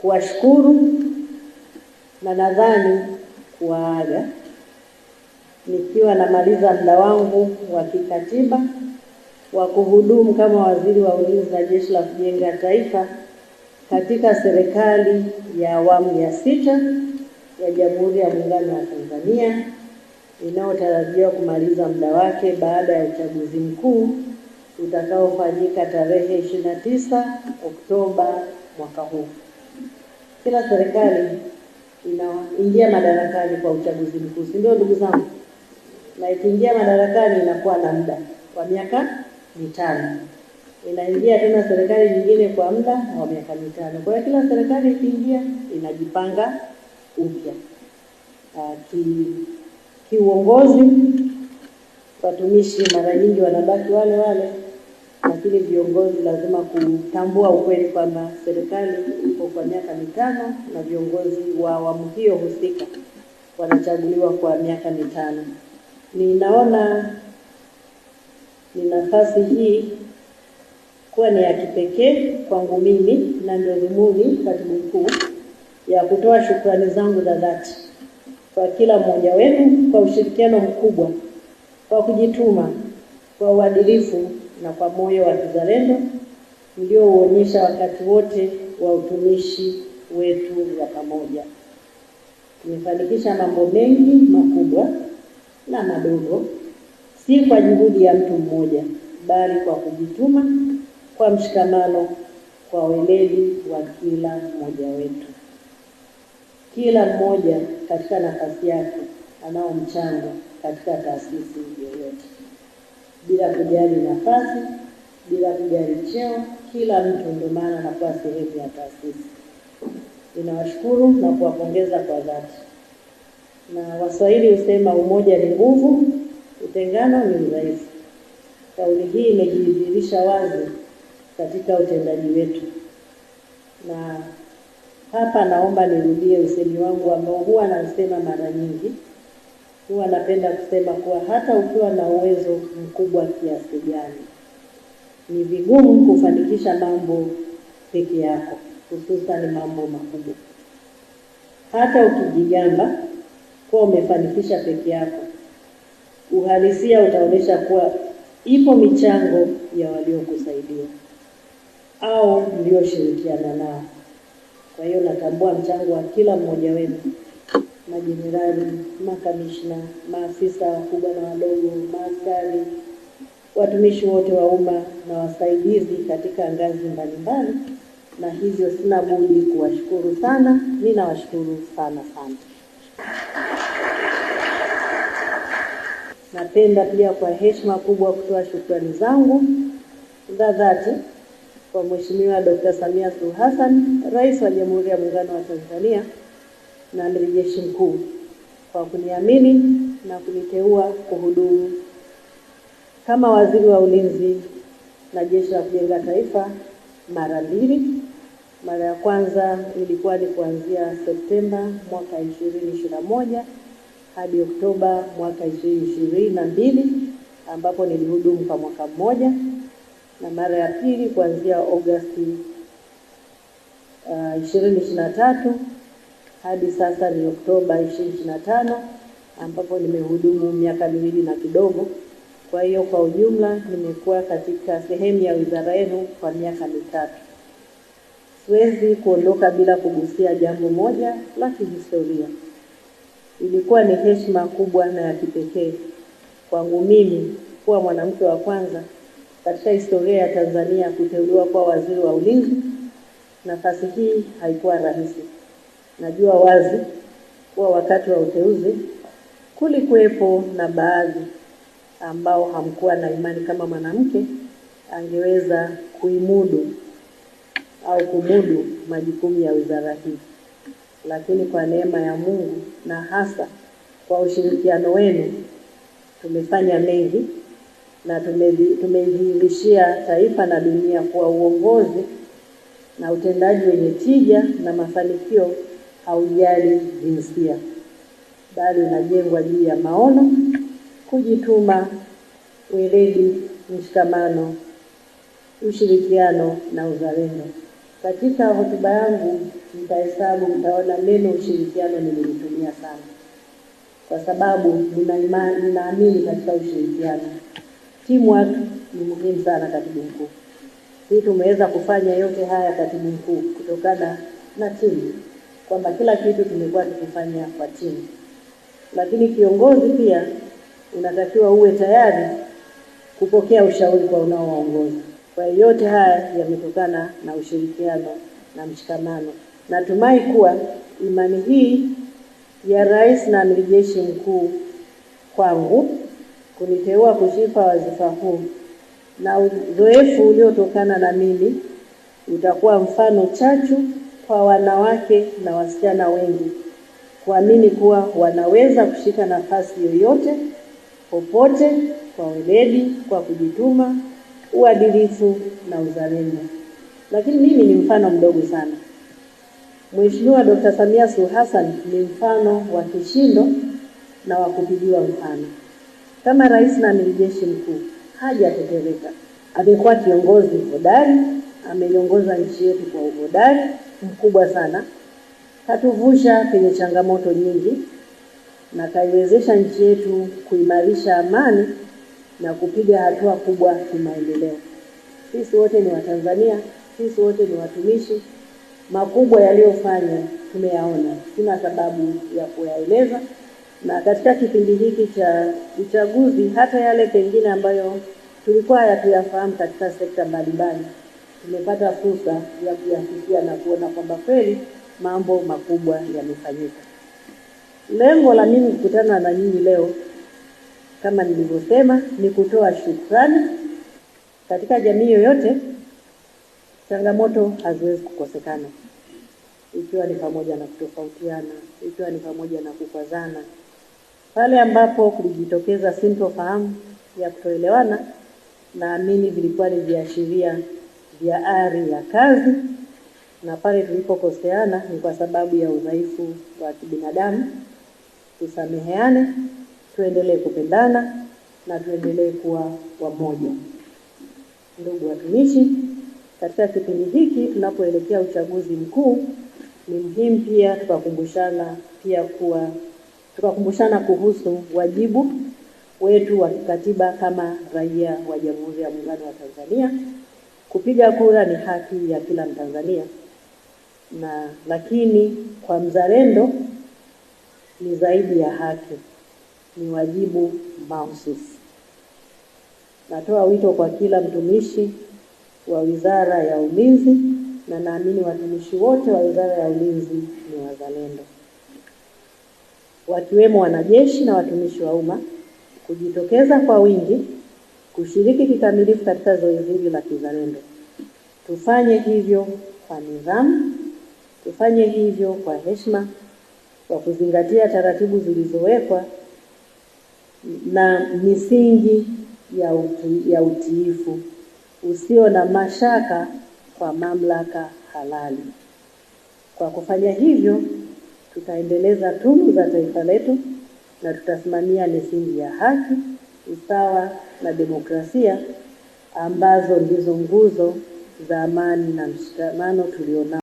kuwashukuru na nadhani kuwaaga nikiwa namaliza muda wangu wa kikatiba wa kuhudumu kama waziri wa ulinzi na jeshi la kujenga taifa katika serikali ya awamu ya sita ya Jamhuri ya Muungano wa Tanzania inayotarajiwa kumaliza muda wake baada ya uchaguzi mkuu utakaofanyika tarehe 29 Oktoba mwaka huu kila serikali inaingia madarakani kwa uchaguzi mkuu, si ndio ndugu zangu? Na ikiingia madarakani inakuwa na muda kwa miaka mitano, inaingia tena serikali nyingine kwa muda wa miaka mitano. Kwa hiyo kila serikali ikiingia inajipanga upya ah, kiuongozi. Ki watumishi mara nyingi wanabaki wale wale lakini viongozi lazima kutambua ukweli kwamba serikali iko kwa miaka mitano na viongozi wa awamu hiyo husika wanachaguliwa kwa miaka mitano. Ninaona ni nafasi hii kuwa ni ya kipekee kwangu mimi na ndio dhumuni, katibu mkuu, ya kutoa shukrani zangu za dhati kwa kila mmoja wenu kwa ushirikiano mkubwa, kwa kujituma, kwa uadilifu na kwa moyo wa kizalendo mliouonyesha wakati wote wa utumishi wetu wa pamoja. Tumefanikisha mambo mengi makubwa na madogo, si kwa juhudi ya mtu mmoja, bali kwa kujituma, kwa mshikamano, kwa weledi wa kila mmoja wetu. Kila mmoja katika nafasi yake anao mchango katika taasisi yoyote bila kujali nafasi, bila kujali cheo, kila mtu ndio maana anakuwa sehemu ya taasisi. Ninawashukuru na kuwapongeza kwa dhati, na Waswahili husema umoja ni nguvu, utengano ni udhaifu. Kauli hii imejidhihirisha wazi katika utendaji wetu, na hapa naomba nirudie usemi wangu ambao huwa nausema mara nyingi huwa napenda kusema kuwa hata ukiwa na uwezo mkubwa kiasi gani, ni vigumu kufanikisha mambo peke yako, hususan mambo makubwa. Hata ukijigamba kuwa umefanikisha peke yako, uhalisia utaonyesha kuwa ipo michango ya waliokusaidia au mlioshirikiana nao. Kwa hiyo natambua mchango wa kila mmoja wetu majenerali, makamishna, maafisa wakubwa na wadogo, maaskari, watumishi wote wa umma na wasaidizi katika ngazi mbalimbali, na hivyo sina budi kuwashukuru sana. Ninawashukuru sana sana. Napenda pia kwa heshima kubwa kutoa shukrani zangu za dhati kwa Mheshimiwa Dr. Samia Suluhu Hassan, Rais wa Jamhuri ya Muungano wa Tanzania na Amiri Jeshi Mkuu kwa kuniamini na kuniteua kuhudumu kama waziri wa ulinzi na jeshi la kujenga taifa mara mbili. Mara ya kwanza ilikuwa ni kuanzia Septemba mwaka 2021 hadi Oktoba mwaka 2022 ambapo nilihudumu kwa mwaka mmoja, na mara ya pili kuanzia Agosti uh, 2023 hadi sasa ni Oktoba 2025 ambapo nimehudumu miaka miwili na kidogo. Kwa hiyo kwa ujumla nimekuwa katika sehemu ya wizara yenu kwa miaka mitatu. Siwezi kuondoka bila kugusia jambo moja la kihistoria. Ilikuwa ni heshima kubwa na ya kipekee kwangu mimi kuwa mwanamke wa kwanza katika historia ya Tanzania kuteuliwa kuwa waziri wa ulinzi. Nafasi hii haikuwa rahisi. Najua wazi kuwa wakati wa uteuzi kulikuwepo na baadhi ambao hamkuwa na imani kama mwanamke angeweza kuimudu au kumudu majukumu ya wizara hii, lakini kwa neema ya Mungu na hasa kwa ushirikiano wenu tumefanya mengi na tumedhihirishia taifa na dunia kuwa uongozi na utendaji wenye tija na mafanikio haujali jinsia, bali unajengwa juu ya maono, kujituma, weledi, mshikamano, ushirikiano na uzalendo. Katika hotuba yangu mtahesabu, mtaona neno ushirikiano nimelitumia sana, kwa sababu ninaamini katika ushirikiano. Teamwork ni muhimu sana, katibu mkuu. Hii tumeweza kufanya yote haya, katibu mkuu, kutokana na timu kwamba kila kitu tumekuwa tukifanya kwa timu, lakini kiongozi pia unatakiwa uwe tayari kupokea ushauri kwa unaowaongoza. Kwa hiyo yote haya yametokana na ushirikiano na mshikamano. Natumai kuwa imani hii ya rais na amiri jeshi mkuu kwangu kuniteua kushika wadhifa huu na uzoefu uliotokana na mimi utakuwa mfano chachu kwa wanawake na wasichana wengi kuamini kuwa wanaweza kushika nafasi yoyote popote kwa weledi, kwa kujituma, uadilifu na uzalendo. Lakini mimi ni mfano mdogo sana. Mheshimiwa Dkt. Samia Suluhu Hassan ni mfano wa kishindo na wa kupigiwa mfano. Kama rais na amiri jeshi mkuu, hajatetereka. Amekuwa kiongozi hodari, ameiongoza nchi yetu kwa uhodari mkubwa sana, katuvusha kwenye changamoto nyingi na kaiwezesha nchi yetu kuimarisha amani na kupiga hatua kubwa kimaendeleo. Sisi wote ni Watanzania, sisi wote ni watumishi. Makubwa yaliyofanya tumeyaona, sina sababu ya kuyaeleza. Na katika kipindi hiki cha uchaguzi, hata yale pengine ambayo tulikuwa hatuyafahamu katika sekta mbalimbali tumepata fursa ya kuyafikia na kuona kwamba kweli mambo makubwa yamefanyika. Lengo la mimi kukutana na nyinyi leo kama nilivyosema, ni kutoa shukrani. Katika jamii yoyote, changamoto haziwezi kukosekana, ikiwa ni pamoja na kutofautiana, ikiwa ni pamoja na kukwazana. Pale ambapo kulijitokeza sintofahamu ya kutoelewana, naamini vilikuwa ni viashiria vya ari ya kazi, na pale tulipokoseana ni kwa sababu ya udhaifu wa kibinadamu. Tusameheane, tuendelee kupendana na tuendelee kuwa wamoja. Ndugu watumishi, katika kipindi hiki tunapoelekea uchaguzi mkuu, ni muhimu pia tukakumbushana pia kuwa tukakumbushana kuhusu wajibu wetu wa kikatiba kama raia wa Jamhuri ya Muungano wa Tanzania Kupiga kura ni haki ya kila Mtanzania na lakini kwa mzalendo ni zaidi ya haki, ni wajibu mahususi. Natoa wito kwa kila mtumishi wa Wizara ya Ulinzi na naamini watumishi wote wa Wizara ya Ulinzi ni wazalendo, wakiwemo wanajeshi na watumishi wa umma kujitokeza kwa wingi kushiriki kikamilifu katika zoezi hili la kizalendo. Tufanye hivyo kwa nidhamu, tufanye hivyo kwa heshima, kwa kuzingatia taratibu zilizowekwa na misingi ya, uti, ya utiifu usio na mashaka kwa mamlaka halali. Kwa kufanya hivyo, tutaendeleza tunu za taifa letu na tutasimamia misingi ya haki, usawa na demokrasia ambazo ndizo nguzo za amani na mshikamano tulionao